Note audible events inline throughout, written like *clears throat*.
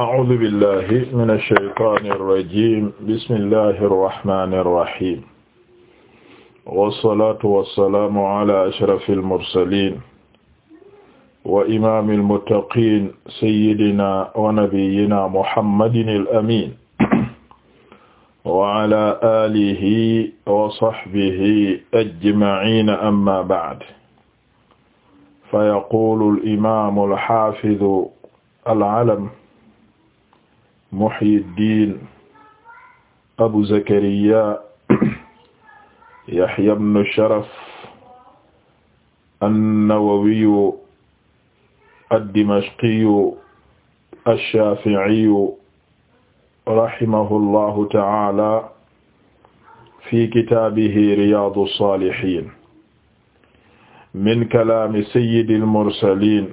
a'uuzu billahi mina shaytaani rajiim bismillahi rahmaani rahiim wassalaatu wassalaamu ala ashrafil mursaliin wa imaamil muttaqiin sayyidina wa nabiyyina muhammadinil amiin wa ala aalihi wa sahbihi ajma'iina amma ba'd fa yaquulul imaamul haafizu al-alam Muhyiddin Abu Zakariya Yahya ibn Sharaf an-Nawawiyu ad-Dimashqiyu ash-Shafi'iyu rahimahullahu ta'ala fi kitaabihi Riyaadu s-Saalihiin min kalaami sayyidil mursaliin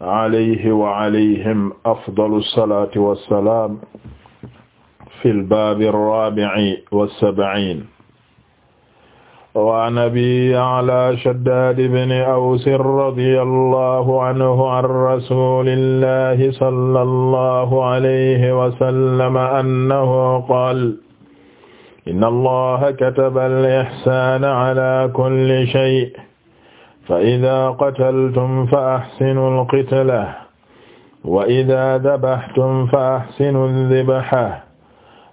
alayhi wa alayhim afdalu salaati wa salaam fil baabi raabi'i wa sab'iin. wa an abii a'laa shaddaad ibni awsin radiyallaahu anhu an rasuulillaahi sallallaahu alayhi wa sallam annahu qaala inna allaaha kataba al-ihsaana alaa kulli shay'. fa idaa qataltum fa axsinul qitla wa idaa dabaxtum fa axsinul dibaxa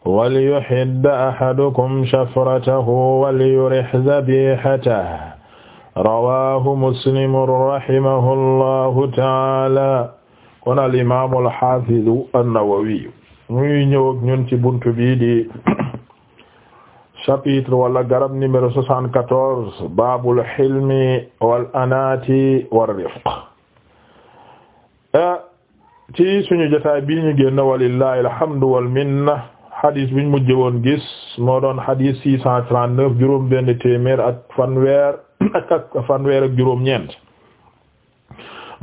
waliyuhidda axadukum shafratahu waliyurix zabixatahu rawaahu muslimun rahimahullaahu taala kon al imaamul xaafidu annawawiyu muy ñëw ak ñun ci buntu bii di. chapitre wala garab numéro soixante-quatorze baabul hilmi wal anaati war rifq ah, ci suñu jotaay bii ñu génn walillahi alhamdu wal minna xadis biñ mujj woon gis moo doon six cent trente-neuf juróom benn téeméer ak fanweer *coughs* ak fanweer ak juróom ñeent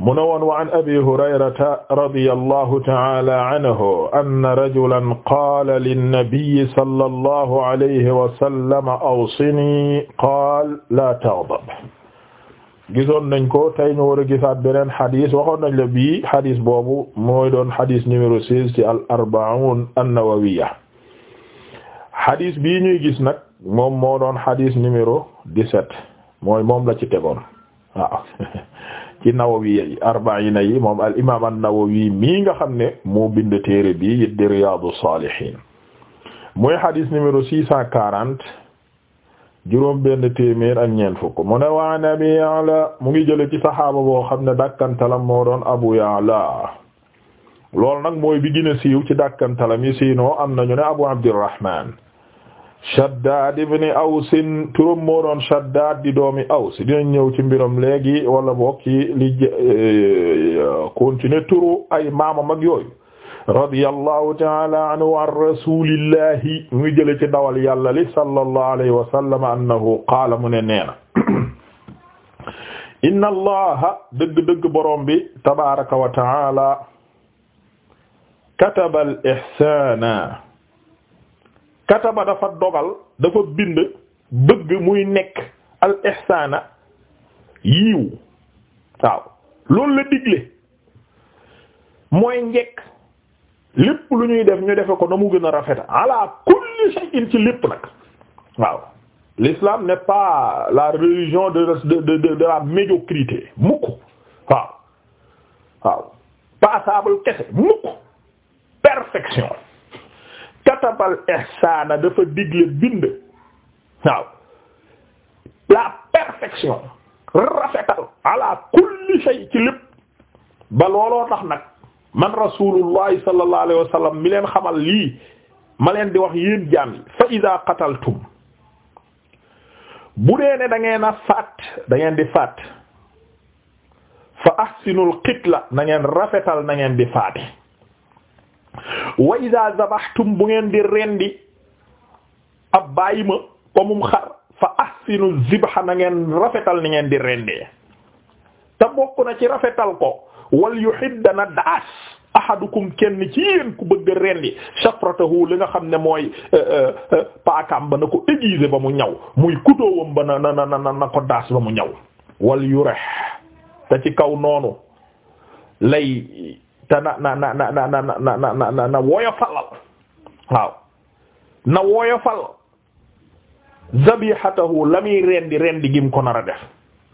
mu ne woon wa an abi hurayrata radiyallahu ta'ala anhu anna rajulan qaala linnabiy sallallahu alayhi wa sallam awsini qaala laa taghdab gisoon nañ ko tey ñu war a gisaat beneen xadis waxoon nañ la bii xadis boobu mooy doon xadis numéro seize ci al arba'un an-nawawiyya xadis bii ñuy gis moom moo doon xadis numéro dix mooy moom la ci tegoon *laughs* ci nawawi yi arbaina moom al imam an-nawawi mii nga xam ne moo bind téere bi yit di riyaadu saalihiin muy hadis numéro juróom benn téeméer ak ñeent fukk mu ne waan abi yaala mu ngi jële ci saxaaba boo xam ne dàkkantalam moo doon abu yaala loolu nag mooy bi gën a siiw ci dàkkantalam yi siinoo am nañu ne abu abdirrahman Shaddaad ibn Awsin turam moo doon Shaddaad di doomi Aws dinañ ñëw ci mbiram léegi wala bokk ci li euh, continuer turu ay maamam ak yooyu radiyallahu ta'ala anhu an rasulillahi muy jële ci dawal yàlla li sallallahu alayhi wa sallam annahu qaala mu ne neena inna allaha dëgg-dëgg boroom bi tabaraka wa ta'ala katabal ihsaana kataba dafa dogal dafa bind bëgg muy nekk al ihsaana yiiw waaw loolu la digle mooy njekk lépp lu ñuy def ñu defe ko na mu gën a rafet ala kulli shay'in ci lépp nag waaw l'islam n'est pas la religion de de de de, de la médiocrité mukk waaw waaw passable kese mukk perfection katabal ihsaana dafa digle bind waaw la perfection rafetal ala kulli shay ci lépp ba looloo tax nag man rasulullahi sallallahu alayhi wa sallam mi leen xamal lii ma leen di wax yéen jaam yi fa ida qataltum bu dee ne da a faat da di faat fa ahsinul qitla na ngeen rafetal na ngeen di faate wa iza zabaxtum bu ngeen di rendi ab bàyyi ma komum xar fa ahsinu zibha na ngeen rafetal ni ngeen di rendee te bokk na ci rafetal ko wal yuhidda na daas ahadukum kenn ci yéen ku bëgg a rendi shafratahu li nga xam ne mooy euh, euh, euh, paakaam ba na ko aiguiser ba mu ñaw muy kutóowam ba na na na na na ko daas ba mu ñaw wal yurih te ci kaw noonu lay te na na na na na na na na na woyofalal waaw na woyofal zabihatahu la muy rendi rendi gim ko nar a def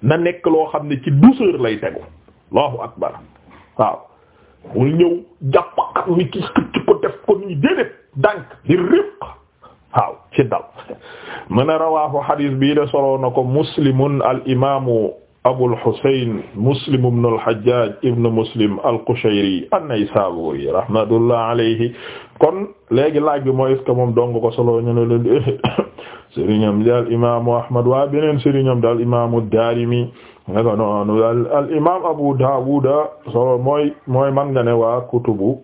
na loo xam ne ci douceur lay tegu allahu akbar waaw muy ñëw jàpp xam ni ki def ko nii déedéet dànk di rifq waaw ci dal rawaahu xadiis bii de soloo na ko muslimun al imaamu Abul Husayn Muslim ibn al-Hajjaj ibn Muslim al naysaburi rahmatullah alayhi kon léegi laaj bi mooy est moom dong ko solo ñu ne leen di *coughs* sëriñam di al imaamu Ahmad waa beneen sëriñam di al imaamu Daarimi Abu Dawud solo mooy mooy man nga waa kutubu.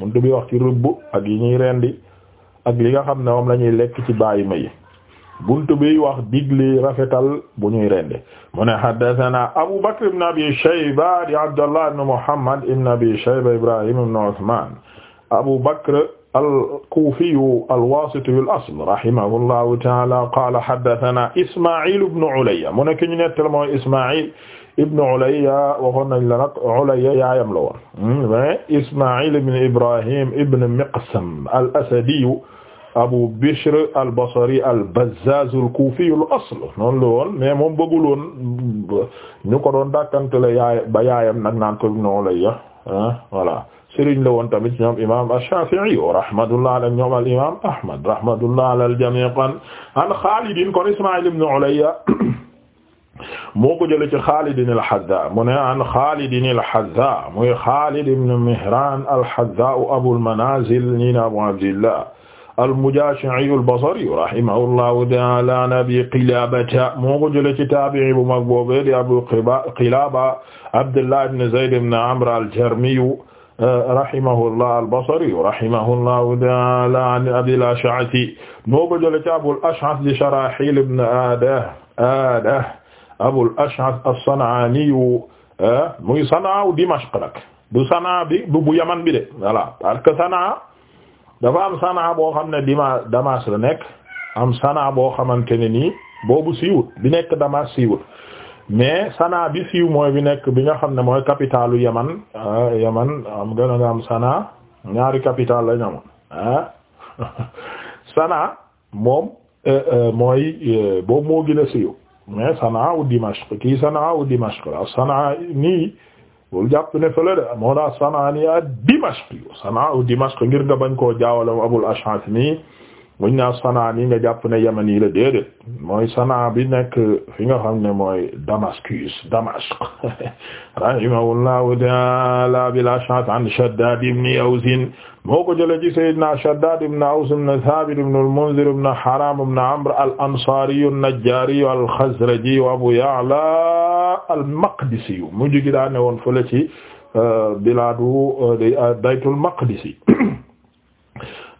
buntu bi wax ci rëbb ak yi ñuy rendi ak li nga xam ne moom la lekk ci bàyyi ma yi buntu bi rafetal bu ñuy rendi mu ne haddathana Abu Bakr ibn Abi Shayba di Abdallah ibn Muhammad ibn Abi Shayba Ibrahim ibn Uthman Abu Bakr al-Kufi al-Wasiti al-asl rahimahullahu ta'ala qala haddathana Isma'il ibn Ulayya mu ne ki ñu nettal Isma'il ibnu Ulayya waxoon a la nag Ulayya yaayam la woon hmm, mais Ismaïl ibn Ibrahim ibn Miqsam al-Asadi Abu Bishr al-Basri al-Bazzaz al-Kufi al-asl noonu la woon mais moom bëggul woon ñu ko doon dàkkantele yaay ba yaayam nag naan ko ibnu Ulayya voilà sëriñ la woon tamit ñoom imaam ash-Shafi'i rahmatullah ala ñoom al imaam Ahmad rahmatullah ala al-jami' an Khalid kon Ismaïl ibn Ulayya moo ko jëlee ci Xaalid al-Hazza mu ne an Xaalid al-Hazza muy Xaalid ibn Mihraan al-Hazza Abul Manaazil ñi na Abu Abdillah al-Mujaashi'i al-Basri rahimahullahu ta'aala an Abi Qilaabata moo ko jëlee ci taabi'i bu mag boobu di Abu Qilaaba Abdullah ibn Zayd ibn Amr al-Jarmi uh, rahimahullah al-Basri rahimahullahu ta'aala an Abil Ash'ath moo ko jëlee ci Abul Ash'ath di Sharaahil ibn Aadah Aadah Abul Ash'ath as-San'aani eh, muy Sanaa wu Dimashq nag du Sanaa bi du bu Yaman bi de voilà parce que Sanaa dafa am Sanaa boo xam ne Dima Damas la nekk am Sanaa boo xamante ne nii boobu siiwut bi nekk Damas siiwut mais Sanaa bi siiw mooy bi nekk bi nga xam ne mooy capitalu Yaman ah, Yaman am gën a nga am Sanaa ñaari capital la ñamoon ah *laughs* Sanaa moom eh, eh, mooy boobu moo gën a siiw. mais Sanaa wu Dimashq kii Sanaa wu Dimashq la Sanaa nii bul jàpp ne fële de moo daa Sanaa nii a Dimashq Sanaa wu Dimashq ngir nga bañ koo jaawale Abul Ash'ath nii buñ naa sanaa nii nga jàpp ne yaman yi la déedéet mooy sanaa bi nekk fi nga xam ne mooy damascus damashq *laughs* rahimahullahu taala bila shak an shaddad ko jële ci sayyidina shaddad ibn aws ibn thabit ibn al-munzir ibn haram ibn amr al-ansari an-najjari al-khazraji abu ci euh, biladu euh, daytul euh, *clears throat*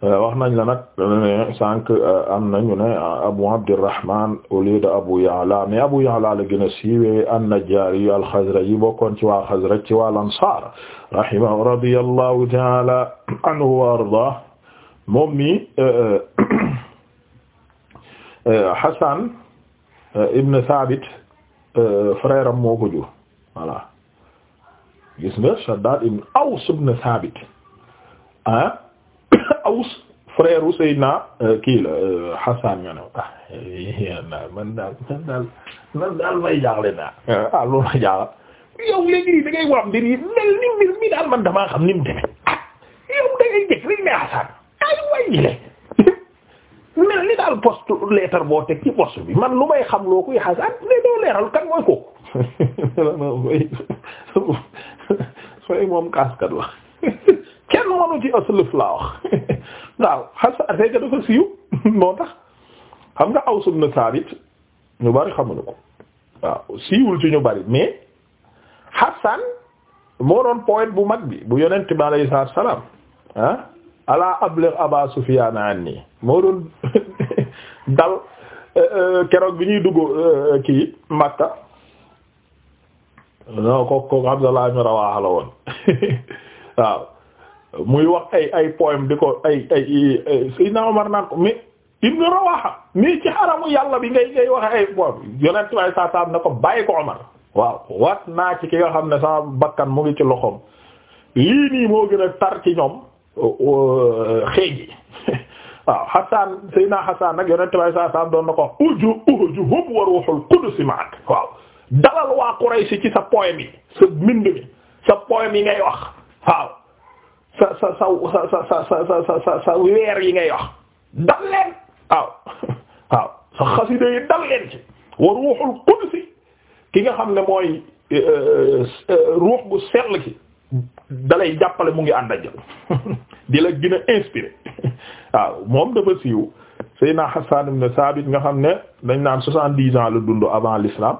Euh, wax nañ la nag euh, sànq euh, am nañu ne Abu Abdurrahman au lieu Abu Ya'la la gën a siiwee an-Najjari al-Khazraji bokkoon ci waa Khazraj ci Ansaar rahimahu radiyallahu ta'ala anhu wa arda moom mi *coughs* Hasan ibn Thabit frère am moo ko Aws ibn Thabit ah Aws frère u Seydina euh, kii la euh, Hassan nga ne ah man daal man daal man daal may jaaxle naa ah loolu ma jaaxal yow léegi da ngay wax mbir yi mel ni mbir mi daal man damaa xam ni mu demee ah yow da ngay jëkk rek ne Hassan ay way le *laughs* mel ni daal poste lettre boo teg ci poste bi man lu may xam loo koy Hassan ne doo leeral kan mooy kooku. non non fay fay moom kaaskat la. noonu ci aslëf laa wax *laughs* waaw xasa fekk dafa siiw *laughs* moo tax xam nga Aws ibn Saabit ñu bari xamuñu ko waaw siiwul ci ñu bari mais Hassan moo doon poète bu mag bi bu yonent bi alayhi salaatu salaam ah ala ablir anni moo doon *laughs* dal eh, eh, keroog bi ñuy dugg eh, kii Makka non ko ko Abdallah ibn Rawaha la woon waaw muy wax ay ay poème di ko ay ay Seydina Omar naan ko mais Ibn Rawaha mii ci xaramu yàlla bi ngay ngay wax ay poème yonent waaye saa saam na ko bàyyi ko Omar waaw wat naa ci ki nga xam ne sama bakkan mu ngi ci loxoom lii nii moo gën a tar ci ñoom euh, euh, xeej *laughs* waaw Hassan Seydina Hassan nag yonent waaye saa saam doon na ko uju uju hub wa ruhul qudus ma'ak waaw dalal waa Quraysh ci sa poème yi sa mbind mi sa poème yi ngay wax waaw sa sa sa sa sa sa sa sa weer yi ngay wax dal leen waaw waaw sa xasida yi dal leen ci wa ruuxul qudsi ki nga xam ne mooy ruux bu sell ki dalay jàppale mu ngi ànd ak di la gën a inspiré waaw moom dafa siiw Seydina Hassan ibn Sabit nga xam ne dañ naan soixante dix ans la dund avant lislaam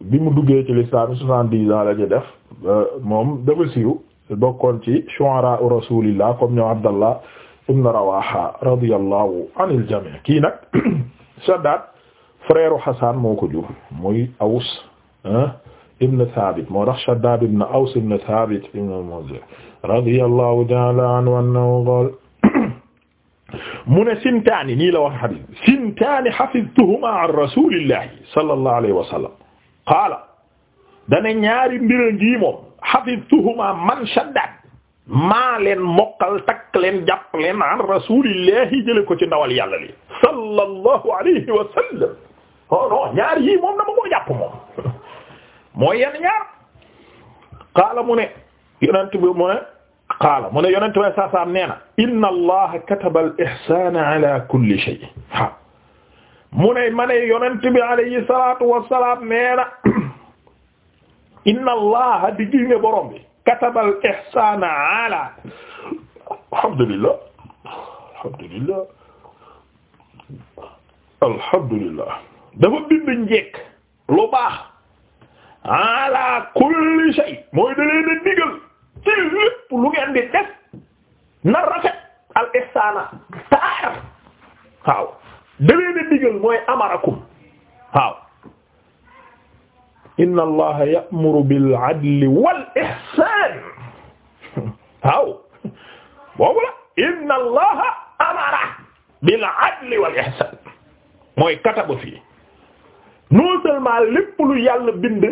bi mu duggee ci l'islam soixante dix ans la ci def moom dafa siiw bokkoon ci shu'ara rasulillah comme ñoom Abdallah ibn Rawaha radiyallahu anil jami' kii nag Shaddad *clears throat* frère Hasan moo ko jur muy Aws ibn Thabit moo tax Shaddad ibn Aws ibn Thabit ibn al-Mundhir radiyallahu ta'ala anhu annahu qala *clears throat* mu ne sintaani nii la wax xadis sintaani hafiztuhuma an rasulillahi sallallahu alayhi wa sallam qaala dana ñaari mbir a ngi moom hafidtuhuma man shaddat maa leen mokkal takk leen jàpp leen an rasulillahi jële ko ci ndawal yàlla li sallallahu alayhi wa sallam oh non ñaar yii moom dama koo jàpp moom *laughs* mooy yenn ñaar qaala mu ne yonent bi mu ne qaala mu ne yonent bi saa saa nee na inna allaha kataba al ihsana ala kulli shay mu ne ma ne yonent bi alayhi salatu wassalam nee na *clears throat* inna allah di gis ne borom bi katabal ihsaana ala alhamdulillah alhamdulillah alhamdulillah dafa bind njekk lu baax ala kulli shay mooy da leen a digal ci lépp lu ngeen di def na rafet al ihsaana taar waaw da leen a digal mooy amarakum waaw inna allaha ya'muru bil adli wal ihsan waaw boobu la inna allaha amara bil adli wal ihsan mooy katabu fii non seulement lépp lu yàlla bind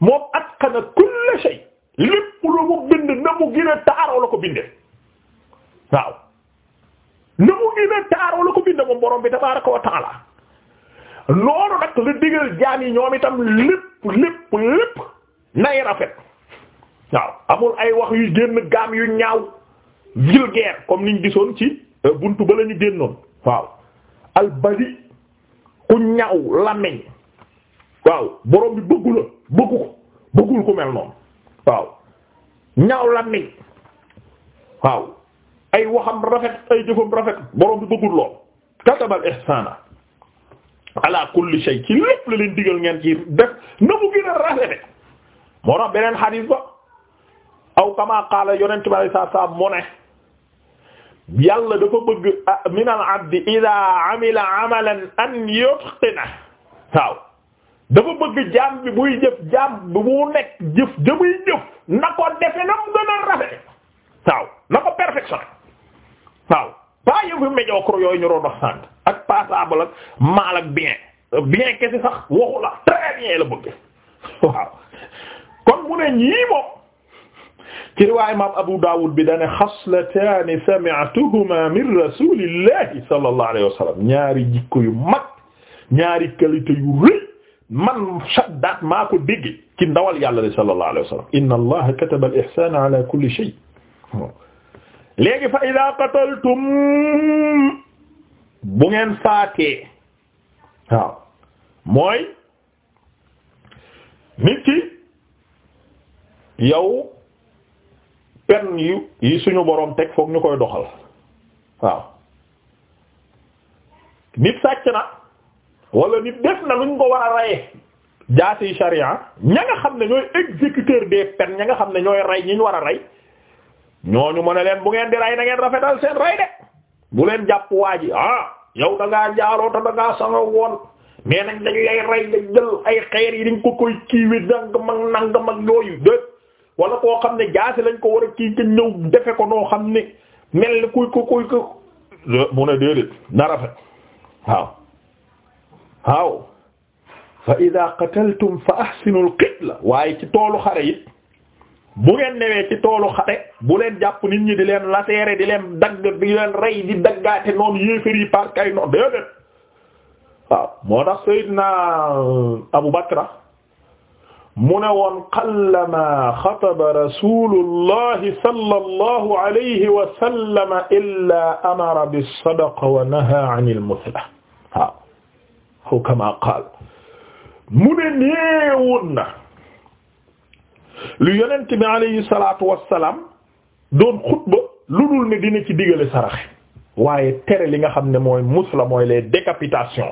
moom atqana kull shay lépp lu mu bind na mu gën a taaroo la ko bindee waaw na mu gën a taaroo la ko bindee moom borom bi tabaaraka wa taala loolu nag la digal jaam yi ñoom itam lépp lépp lépp nay rafet waaw amul ay wax yu génn gaam yu ñaaw vulgaire comme niñ gisoon ci euh, buntu ba la ñu génnoon waaw albadi ku ñaaw làmmiñ waaw borom bi bëggu la bëggu ko bëggul ku mel noonu waaw ñaaw làmmiñ waaw ay waxam rafet ay jëfam rafet borom bi bëggul lool katabal ihsana ala kulli shay ci lépp la ngeen ci na mu gën a rafete moo tax beneen xadiis ba aw kama qaala yonent bi saa saa mu dafa bëgg ah, min al abdi idaa amila amalan an yutqina waaw dafa bëgg jaam bi buy jëf jaam bi nekk jëf jëmuy jëf na ko defe na mu gën a rafete waaw na ko perfectionné waaw pas yëfu médiocre yooyu ñu doon wax sant portable ak maal ak bien bien kese sax waxu la très la bëgg kon mu ne ñii moom ci riwaay Abu Dawud bi dane xaslataani sami'tuhuma min rasulillahi sallallahu alayhi wa sallam ñaari jikko yu mag ñaari qualité yu rëy man shaddaat maa ko dégg ci ndawal yàlla li sallallahu alayhi wa sallam inna ala kulli shay léegi fa ida qataltum bu ngeen faatee waaw mooy nit ki yow pen yu yi suñu boroom teg foog ñu koy doxal waaw nit sàcc na wala nit def na luñ ko war a reye jaasi sharia ña nga xam ne ñooy exécuteur des peines ña nga xam ne ñooy rey ñi ñu war a rey ñooñu mën a leen bu ngeen di rey na ngeen rafetal seen rey de bu leen jàpp waa ji ah yow da ngaa jaaroo te da ngaa sanga woon mais nag ay xeer yi dañ ko koy kiiwi nangam ak nangam ak yooyu dé wala koo xam ne jaasi lañ ko war a kii nga ñëw defe ko noo xam ne mel ni kuy ko kuy ko mu ne déedéet na rafet waaw waaw fa ida qataltum fa ahsinu al waaye ci toolu xare it bu ngeen newee ci toolu xate bu leen jàpp nit ñi di leen laseere di leen dagg di leen rey di daggaate noonu yéefar yi parce que ay noonu déedéet waaw moo tax Seydina euh, Abu Bakra mu ne woon qallama xataba rasulullahi sallallahu alayhi wa sallam illa amara bis-sadaqa wa naha anil musla waaw aw kama qaal mu ne néewoon na lu yonent bi alayhi salaatu wassalaam doon xutba lu dul ne dina ci digale saraxe waaye tere li nga xam ne mooy la mooy les décapitation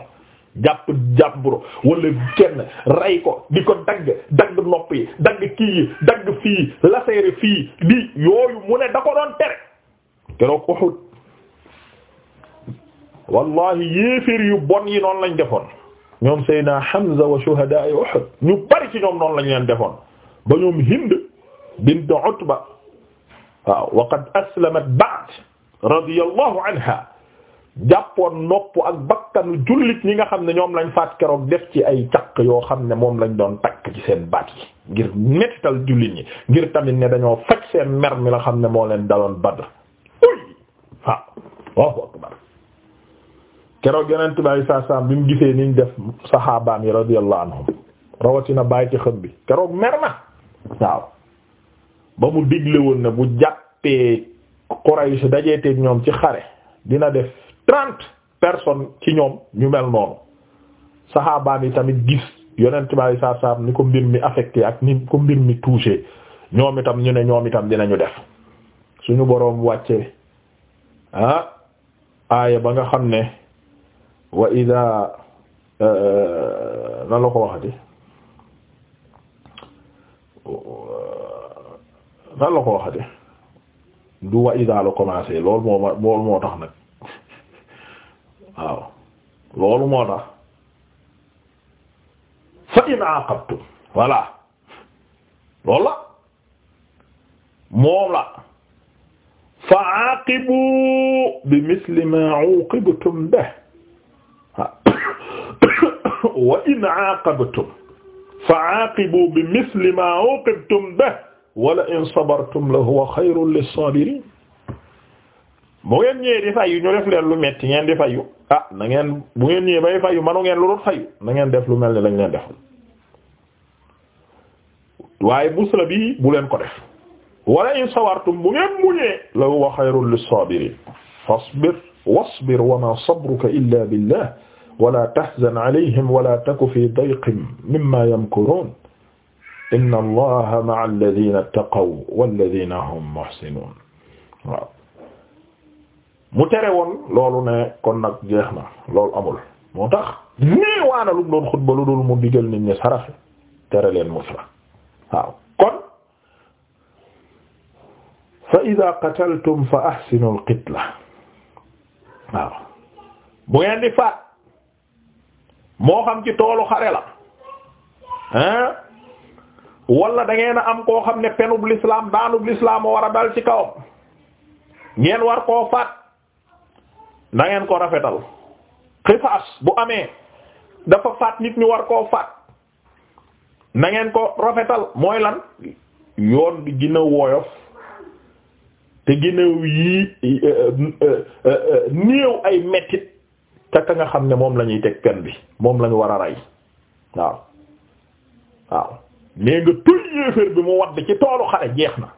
jàpp jàmbur wala kenn rey ko di ko dagg dagg nopp yi dagg kii yi dagg fii laseere fii di yooyu mu ne da ko doon tere keroog Uhud wallahi yéeféer yu bon yi noonu lañ defoon ñoom Seydina Hamza wa shuhadaa Uhud ñu bari ci ñoom noonu lañ leen defoon ba ñoom Hind bint Utba waaw wa qad aslamat ba'd radiyallahu anha jàppoon nopp ak bakkanu jullit ñi nga xam ne ñoom lañ faat keroog def ci ay caq yoo xam ne moom lañ doon takk ci seen baat yi ngir mettital jullit ñi ngir tamit ne dañoo faj seen mer mi la xam ne moo leen daloon Badr uy waaw Allahu akbar keroog yeneen tubaab saa saa bi mu gisee niñ def saxaabaam yi radiyallahu anhum rawatina bàyyi ci xëm bi keroog mer na waaw ba mu digle woon ne bu jàppee Quraysh dajeeteeg ñoom ci xare dina def trente personnes ci ñoom ñu mel noonu saxaabaan yi tamit gis yonent bi saa saa ni ko mbir mi affecté ak ni ko mbir mi touché ñoom itam ñu ne ñoom itam dinañu def suñu boroom wàcce ah aaya ba nga xam ne wa ida eh, eh, na la ko waxati nan euh, la ko waxate du wa idaa la commencé loolu moo ma loolu moo tax nag waaw loolu moo tax fa in aqabtum voilà loolu la moom la fa aqibu bi misli ma uqibtum bihi *coughs* wa in aqabtum fa'aaqibu bi misli maa uqibtum bihi wala in sabartum la huwa xayrun lis-saabiriin bu ngeen ñëwee di fayu ñu def leen lu metti ngeen di fayu ah na ngeen bu ngeen ñëwee bay fayu manu ngeen lu dul fayu na ngeen def lu mel ni lañ leen def waaye busla bi bu leen ko def wala in sabartum bu ngeen muñee la huwa xayrun lis-saabiriin fasbir wasbir wa maa sabruka illaa billah wala tahzan alayhim wala taku fi dayqin mimma yamkurun inna allaha ma'a alladhina ittaqaw walladhina hum muhsinun waaw mu tere woon loolu ne kon nag jeex na loolu amul moo tax nii waana lu mu doon xutba lu dul mu digal nit ñi saraxe tere leen musra waaw kon fa ida qataltum fa ahsinu al qitla waaw bu ngeen di faat moo xam ci toolu xare la hein wala da ngeen am koo xam ne penub l'islam daanub l'islam war a dal ci kawam ngeen war koo faat na ko rafetal xisaas bu amee dafa faat nit ñu war koo faat nangeen ko rafetal mooy lan yoon bi gën a woyof te gën yii eh, eh, eh, néew ay mettit te nga xam ne moom la ñuy teg pen bi moom lañu war a rey waaw waaw mais nga tëj yéeféer bi mu wadd ci toolu xare jeex na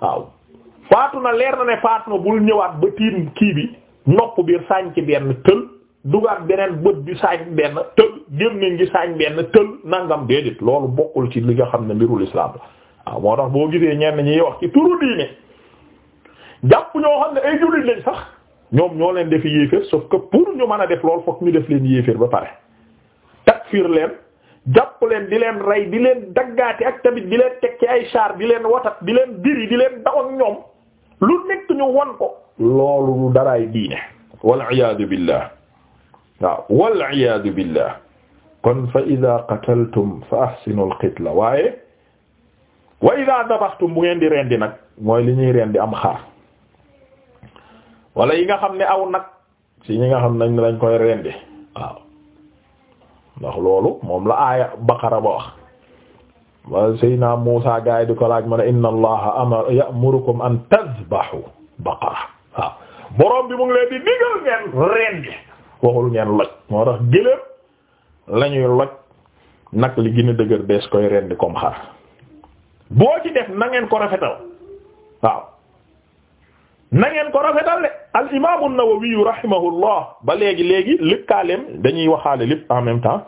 waaw faatu na leer na ne faatu na bul ñëwaat ba tiim kii bi nopp biir saañ ci benn tël dugaat beneen bët bi saañ benn tël gémmiñ gi saañ benn tël nangam déedéet loolu bokkul ci li nga xam ne mbirul islam la waaw moo tax boo gisee ñenn ñi wax ci turu diine jàpp ñoo xam ne ay jullit lañ sax ñoom ñoo leen defi yéeféer sauf que ñu mën a def lool fokk ñu def leen yéeféer ba pare takfir leen jàpp leen di leen rey di leen daggaati ak tamit di leen teg ay char di leen watat di leen diri di leen daw ñoom lu nekk ñu won ko loolu lu daraay diine wal iyaadu billah waaw wal iyaadu billah kon fa ida qataltum fa ahsinu al waaye wa ida dabaxtum mu ngeen di rendi nag mooy li ñuy rendi am xar wala yi nga xam ne aw nag si ñi nga xam nañ ne dañ koy rendi waaw ndax loolu moom la aaya baqara ba wax wa sayna Muusa gaay di ko laaj mu ne inna allaha amara ya'murukum an tadhbahu baqara waaw borom bi mu ngi leen di digal ngeen rendi waxul ngeen loj moo tax gëléem lañuy loj nag li gën a dëgër dees koy rendi comme xar boo ci def na ko rafetal waaw na ngeen ko rafetal de al imaamu Nawawi rahimahullah ba léegi léegi lëkkaaleem dañuy waxaale lépp en même temps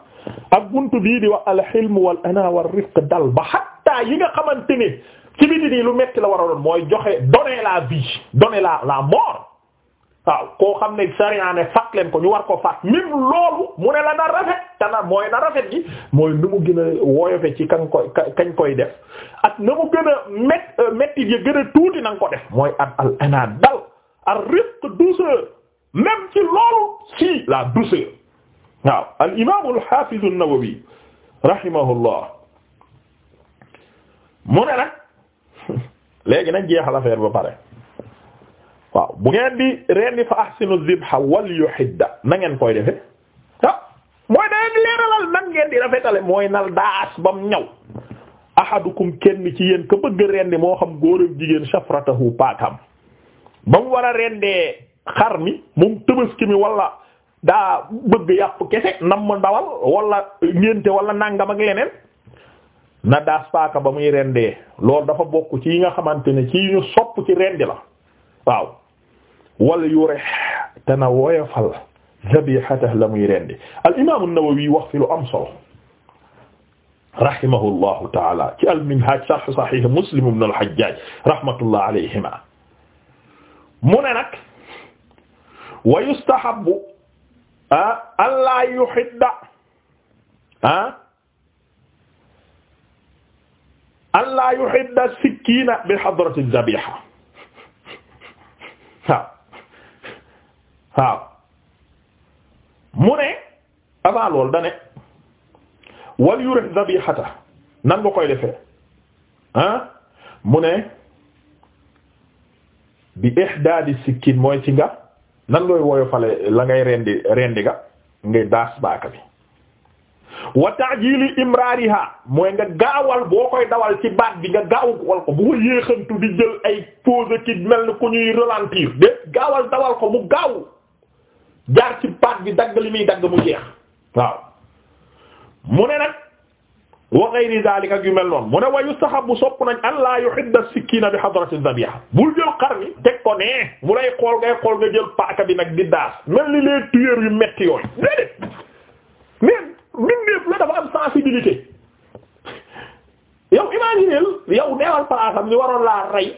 ak buntu bii di wax al hilm wal ana wal rifq dal ba hatta yi nga xamante ne ci biti nii lu metti la war a mooy joxe donner la vie donner la la mort waaw koo xam ne sariya ne leen ko ñu war ko fat même loolu mu ne la na rafet te mooy na rafet gi mooy nu mu gën woyofe ci kañ koy kañ koy def at na mu gën a mét euh, métti gi tuuti na ko def mooy at al ana dal ar rifq douceur même ci loolu si la douceur waaw al imam al hafiz an-Nawawi rahimahullah mu ne nag *laughs* léegi nañ jeexal affaire ba pare waaw bu ngeen di rendi fa ahsinu zibha wal yuhidda na ngeen koy defe mooy da ngeen leeralal nan ngeen mooy nal daas bam ñaw ahadukum kenn ci yéen ka bëgg rendi moo xam góor ak jigéen shafratahu paakam ba mu war a rendee xar mi moom tabaski mi wala daa bëgg yàpp kese nam ndawal wala ngénte wala nangam ak leneen na daas paaka ba muy rendee loolu dafa bokk ci yi nga xamante ne ci ñu sopp ci rendi la waaw wal yurih te na woyofal zabihatahu la muy rendi al imaam an-Nawawi wax fi lu am solo rahimahullahu taala ci al-Minhaj sharh Sahih Muslim ibn al-Hajjaj rahmatullah alayhima mu ne nag wa yustahabbu ah allaa yuhidda ah allaa yuhidda sikkiina bi hadrati zabiha waaw *laughs* waaw mu ne avant loolu da ne wal yurih dabihata nan nga koy defee ah mu ne bi ihdaadi sikkin mooy ci nga nan looy woyofale la ngay rendi rendi nga ngay daas baaka bi wa ta'jili imrariha mooy nga gaawal boo koy dawal ci baat bi nga gaaw wal ko bu ko yéexantu di jël ay pause ki mel ni ku ñuy ralentir de gaawal dawal ko mu gaaw jaar ci paat bi dagg li muy dagg mu jeex waaw mu ne nag wa ghayri zalika yu mel noon mu ne wa yustahabu sopp nañ an la yuhidda as-sikina bi hadrati dhabiha bul jël xar mi teg ko nee mu lay xool ngay xool nga jël paaka bi nag di daas mel ni les tueurs yu metti yooyu déedéet mais mbindeef la dafa am sensibilité yow imagineel yow neewal paaka bi waroon laa rey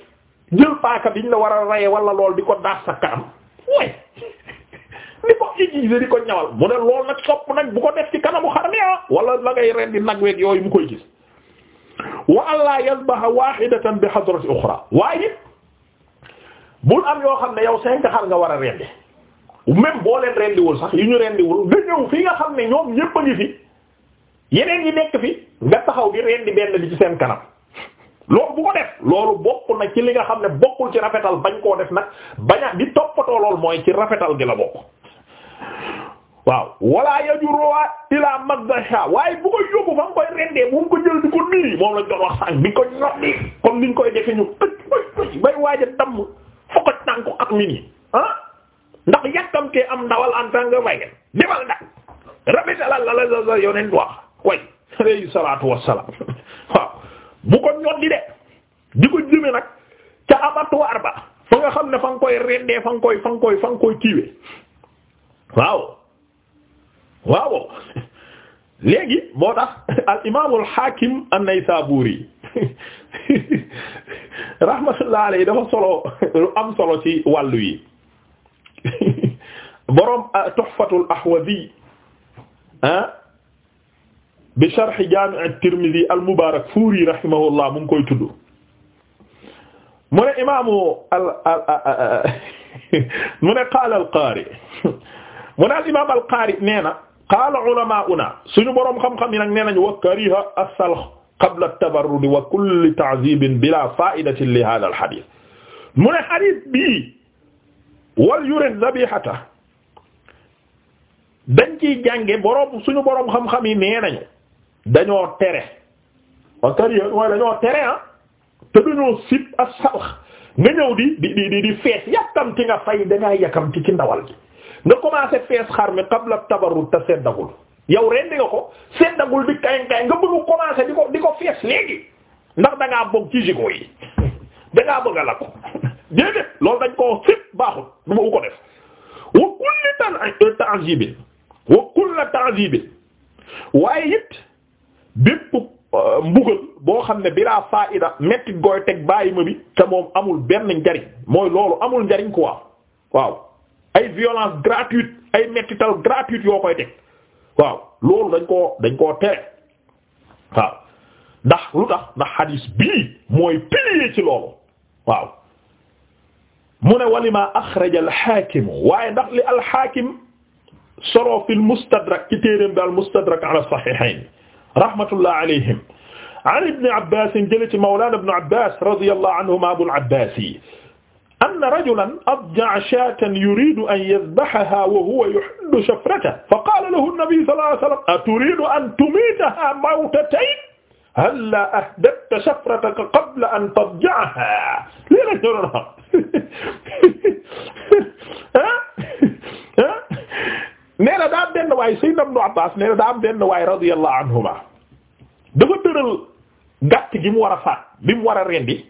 jël paaka biñ la war a reye wala lool di ko daas sa kanam way li ko utiliser di ko ñawal mu ne loolu nag sopp nag bu ko def ci kanamu xar mi ah wala la ngay rendi nag weeg yooyu mu koy gis wa allah yadbaha wahidatan bi hadrati ukhra waaye bul am yoo xam ne yow cinq xar nga war a rendi même boo leen rendiwul sax yu ñu rendiwul nga ñëw fi nga xam ne ñoom ñépp a ngi fi yeneen yi nekk fi nga taxaw di rendi benn bi ci seen kanam loolu bu ko def loolu bokk na ci li nga xam ne bokkul ci rafetal bañ koo def nag baña di toppatoo lool mooy ci rafetal gi bokk waaw wala yajurwa ila magdasha waaye bu ko yóbbu fa koy rendee bu ko jël di ko nii moom lañ doon wax sànq di ko ñoddi comme niñ koy defe ñu pëj pëj pëj bay waaj a damm fokk tànku ak mi nii ah ndax yàkkamtee am ndawal en tant que baykat demal dak rabitalal la la la yoneen wax way alayhi salaatu wassalaam *laughs* waaw bu ko ñoddi de di ko jëme nag ca abattoir ba fa nga xam ne fa nga koy rendee fa nga koy fa koy fa waaw waaw léegi moo tax al imaamul hakim an-Naysaburi rahmatullahi alayhi dafa solo lu am solo ci wàllu yi boroom Tuhfatul Ahwazi ah bi sharh Jaami' at-Tirmidhi al-Mubarakfuri rahimahullah mu ngi koy tudd mu ne al al ne al-Qaari mu al imaam al-Qaari nee na. qaala ulamaa'una suñu boroom xam-xam yi nag nee nañu wa kariha as-salx qabla at-tabarrud wa kulli ta'dhibin bila fa'idatin li hadha al-hadith mu ne hadith bii wal yurid dhabihata dañ ciy jànge boroom suñu boroom xam-xam yi nee nañu dañoo tere wa kariha waaye dañoo tere ah te dañoo sib as-salx nga ñëw di di di di fees yàkkamti nga fay dangaa yàkkamti ci ndawal gi nga commencé pees xar mi qabla tabarrud te seddagul yow rendi nga ko seddagul di kañ kañ nga bëgg commencé di ko di ko fees léegi ndax da ngaa bokk ci jigo yi *laughs* da a la ko *laughs* déedéet loolu dañ koo sip baaxul du ma ko def wa kulli tan euh, ta'zibin wa kulli ta'zibin waaye it bépp euh, mbugal boo xam ne bilaa faida metti goy teg bàyyi ma bi te moom amul benn njariñ mooy loolu amul njariñ quoi waaw ay violence gratuite ay mettital gratuite yoo koy teg waaw loolu dañ koo dañ koo tere waaw ndax lu tax ndax xadiis bii mooy pilier ci loolu waaw mu ne walima axraja alxaakimu waaye ndax li alxaakim solo fi lmustadrak ci téeréem bi almustadrak ala saxihain rahmatullah alayhim an ibni abbasin jële ci mawlana ibnu abbas radiyallahu anhuma abul abbas yi anna rajulan adja'a shaatan yuridu an yadhbahaha wa huwa yuhillu shafratahu fa qaala lahu an-nabiyyu sallallahu alayhi wa sallam aturidu an tumiitaha mawtatayn hallaa ahdathta shafrataka qabla an tadja'aha lii la ñu doon xam *laughs* ah? *laughs* Ah? nee na daa am benn waay Sayyidina Ibn Abbaas nee na daa am benn waay radiyallahu anhuma dafa tëral gàtt gi mu war a faat bi mu war a rendi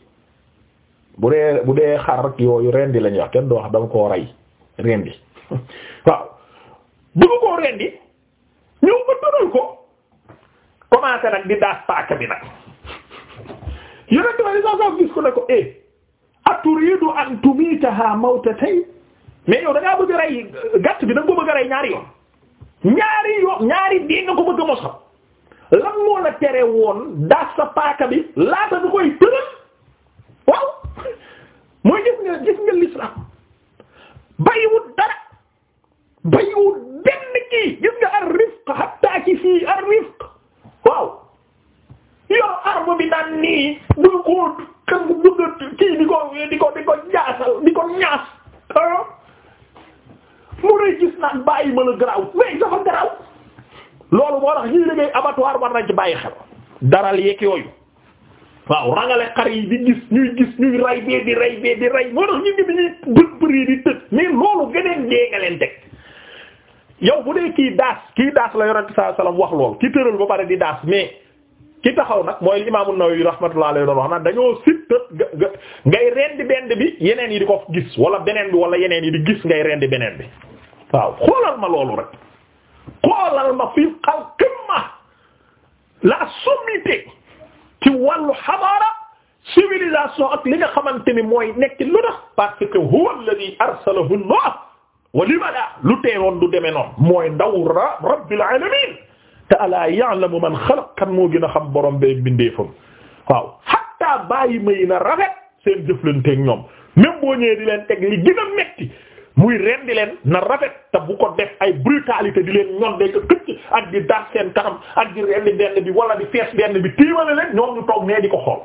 bu dee bu dee xar yooyu rendi lañuy wax kenn doo wax dama koo rey rendi *laughs* waaw bu ko koo rendi ñëw ba tëral ko commencé nag di daas paaka bi nag *laughs* yonent di saa saa gis ko ne ko eh aturidu an tumitaha mawtatayn mais yow da ngaa bëgg a rey gàtt bi da nga ko bëgg a rey ñaari yoon ñaari yoon ñaari dee nga ko bëgg a mosal lan moo la tere woon daas sa paaka bi laata du koy tëral waaw mooy gis nga gis nga l'islam bàyyiwul dara bàyyiwul benn kii gis nga ar-rifq hatta ki fii ar-rifq waaw yow arme bi naan nii du ko xam nga kii di ko di ko di ko ñaasal di ko ñaas mu ne gis naan bàyyi ma la garaaw mais dafa garaaw loolu moo tax ñuy liggéey abattoir war nañ bàyyi xel daral yeeg yooyu. waaw rangale xar yi di gis ñuy gis ñuy ray bee di ray bee di ray moo tax ñu ngi bi ñuy bët bëri di tëj mais loolu geneen dee nga leen teg yow bu dee kii daas kii daas la yonente sallallahu alayhi wasallam wax lool ki tëral ba pare di daas mais ki taxaw nag mooy imaamu Nawawi rahmatullahi alayhi doon wax nag dañoo sit tët ngay rendi benn bi yeneen yi di ko gis wala beneen bi wala yeneen yi di gis ngay rendi beneen bi waaw xoolal ma loolu rek xoolal ma fii xal la ci wàllu xadaara civilisation li nga xamante ni mooy nekk lu tax parce que huwa alladhi arsalahu lu wa limada lu teewoon du demee noonu mooy ndaw rabbil alamin te la ya'lamu man xalaq kan moo gën a xam borom bee bindeefam waaw hatta bàyyi may na rafet seen jëflanteeg ñoom même boo ñëwee di leen teg li gën a muy rendi leen na rafet te bu ko def ay brutalité di leen ñoom day ko këcc ak di daas seen kanam ak di rendi benn bi wala di fees benn bi tiimale leen ñoom ñu toog nee di ko xool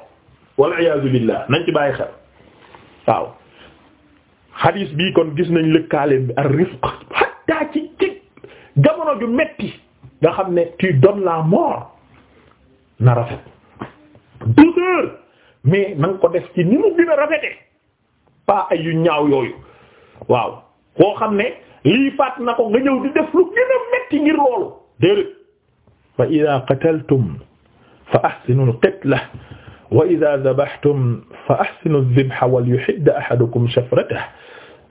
walla iyaazu billaah nañ ci bàyyi xel waaw xadiis bii kon gis nañ lëkkaaleen bi ar-rifq hatta ci ci jamono ju metti nga xam ne tu donnes la mort na rafet douceur mais na ko def ci ni mu gën rafete pas ay yu ñaaw yooyu waaw koo xam ne lii faat na ko nga ñëw di def lu gën a metti ngir loolu déedéet fa ida qataltum fa ahsinu alqitla wa ida dabahtum fa ahsinu aldibha wal yuhidd ahadukum shafratahu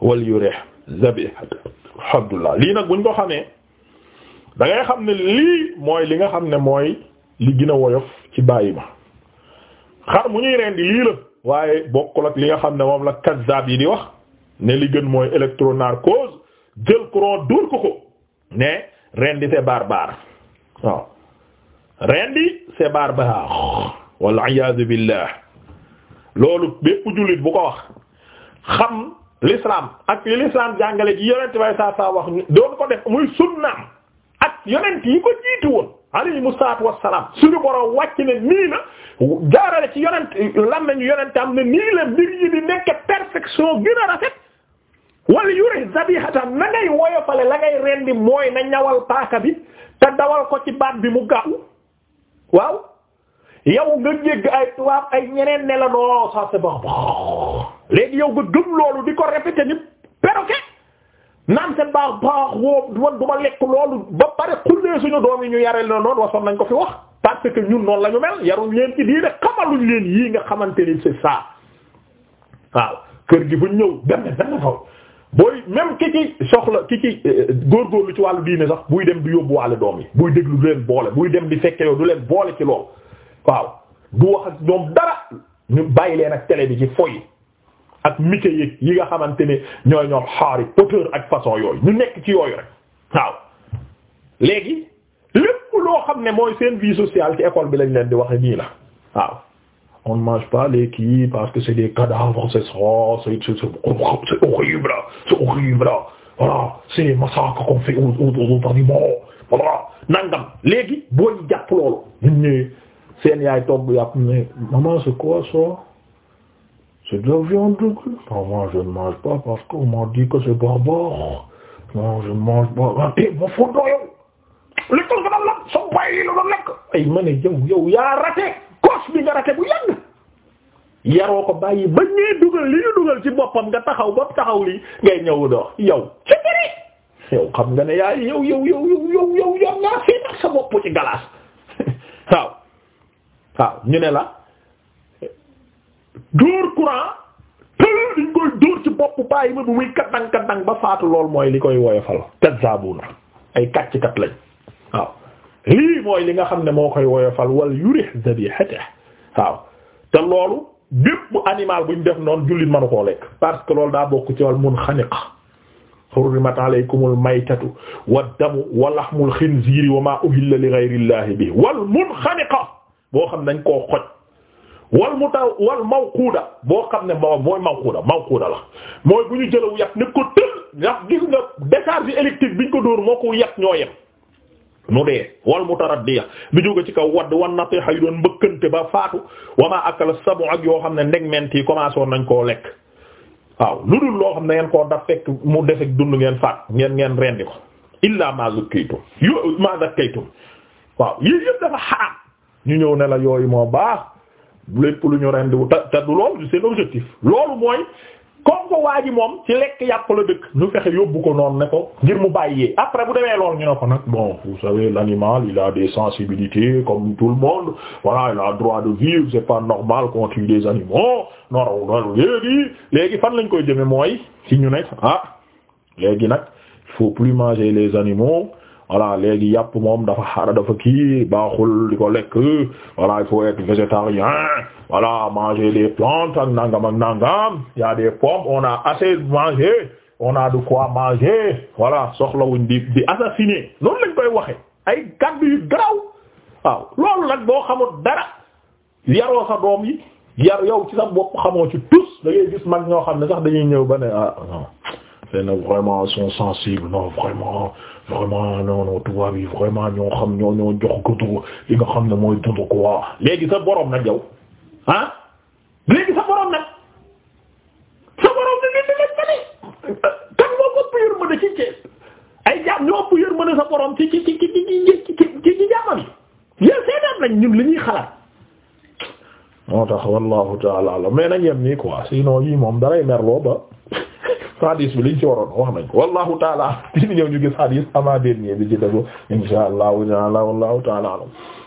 wal yurih zabihatahu alhamdulillah lii nag buñ ko xamee da xam ne mooy li nga xam ne mooy li gën a woyof ci bàyyi ma xar mu ñuy rendi lii la waaye bokkul li nga xam ne moom la kazzab yi di wax ne li gën mooy électronarcose jël couron dóor ko ko ne rendi c'est barbare waaw rendi c'est barbare wal iyaazu billah loolu bépp jullit bu ko wax xam l'islam ak li l'islam jàngale ci yonent bay saa saa wax doon ko def muy sunnaam ak yonent yi ko jiitu woon alayhimu salaatu wassalaam suñu borom wàcc ne nii na jaarale ci yonent lan nañu yonentam ne nii la mbir yi di nekk perfection gën rafet wala yurih zabihata na ngay woyofale la rendi mooy na ñawal paaka bi te dawal ko ci baat bi mu gaaw waaw yow nga jégg ay tubaab ay ñeneen ne la non ça c'est bon léegi yow nga gëm loolu di ko répéter ni perroquet naan seen baax baax woo man du ma lekk loolu ba pare xullee suñu doom yi ñu yareel na noonu wasoon nañ ko fi wax parce que ñun noonu la ñu mel yaruñ leen ci diine xamaluñ leen yii nga xamante ni c'est waaw kër gi bu ñëw dem na dem booy même ki ci soxla ki ci euh, góorgóorlu ci wàllu diine sax buy dem di du yóbbuwaale doom yi buy déglu du leen boole buy dem di fekke yow du leen boole ci lool waaw du wax ak doom dara ñu bàyyi leen ak télé bi ci foy ak mike yi nga xamante ne ñooy ñoom Harry Potter ak façon yooyu ñu nekk ci yooyu rek waaw léegi lépp loo xam ne mooy seen vie sociale ci école bi lañ leen di waxe nii la waaw on ne mange pas les c'est des cadavres c'est c'est c'est c'est horrible c'est horrible voilà c'est les qu'on fait aux aux aux animaux voilà nangam léegi boo ñu jàpp loolu. ñun ñëwee seen yaay togg ne maman c'est quoi ça c'est de la viande non je ne mange pas parce qu'on m'a dit c'est barbare non je ne mange pas ah, eh ma foto yow. li ko gën a lakk soo bàyyi lu la lekk. ay eh, ma ne yow yow yaa raté. fas bi nga rate bu yàgg yaroo ko bàyyi ba ñee dugal li ñu dugal ci boppam nga taxaw bopp taxaw lii ngay ñëw doo yow ci bëri yow xam nga ne yaay yow yow yow yow yow *laughs* ñu ne la dóor courant tël diñ koy dóor ci bopp bàyyi ba bu muy kaddang kaddang ba faatu lool mooy li koy woyofal kazzabuna ay kàcc kat lañ waaw lii mooy li nga xam ne moo koy woyofal wal yurih dabihata waaw te loolu bépp animal buñ def noonu jullit manu koo lekk parce que loolu daa bokk ci wal munxaniq hurrimat alaykumul maytatu waddamu wa lahmul xinziiri bi wal munxaniqa boo dañ koo xoj wal mu taw wal mawquuda boo xam ne moo mooy mawquuda mawquuda la mooy bu ñu jëlaw yàq ne ko tël ndax gis nga décharge électrique biñ ko dóor moo ko yàq ñoo yem nu dee wal mutaraddiya bi jóge ci kaw wadd wan natiha yu doon mbëkkante ba faatu wama akala sabu ak yoo xam ne ndegment yi commencé woon nañ koo lekk waaw lu dul loo xam ne ngeen ko daf fekk mu defek dund ngeen faat ngeen ngeen rendi ko illa ma zakkaytum yo ma zakkaytum waaw yii yëpp dafa xaraam ñu ñëw ne la yooyu moo baax lépp lu ñu rendi wu te te du loolu c'est l'objectif loolu mooy comme ko waa ji moom ci lekk yàpp la dëkk ñu fexe yóbbu ko noonu ne ko ngir mu bàyyee après bu demee lool ñu ne ko nag bon vous savez l'animal il a des sensibilités comme tout le monde voilà il a droit de vivre c'est pas normal qu'on tue des animaux noraw noraw léegi léegi fan lañ koy jëme mooy ci ñu ne ah léegi nag il faut plus manger les animaux voilà léegi yàpp moom dafa xara dafa kii baaxul di ko lekk voilà i faut être végétarien voilà manger des plantes ak nangam ak nangam y a des pommes on a assez mangé on a de quoi manger voilà soxlawuñ di di assassiner noonu lañ koy waxe ay kàddu yu garaw loolu nag boo xamul dara yaroo doom yi yar yow ci sa bopp xamoo ci tous da ngay gis mag ñoo xam ne sax dañuy ñëw ba ne ah non c'est vraiment sont sensibles non vraiment vraiment non non tubaab yi vraiment ñoo xam ñoo ñoo jox ko li nga xam ne mooy dund quoi léegi sa borom nag yow. ah léegi sa borom nag sa borom nag li dina mën a kan moo ko ëpp yërmande ci ci ay jaam ñoo ëpp yërmande sa borom ñun li xalaat. moo tax wallahu taala alam mais nañ yem nii quoi sinon yii moom daray merloo ba hadis bi liñ ci waroon wax nañ ko wallahu taala di ñëw ñu gis hadis avant dernier bi ci déglu insha allahu wallahu taala alam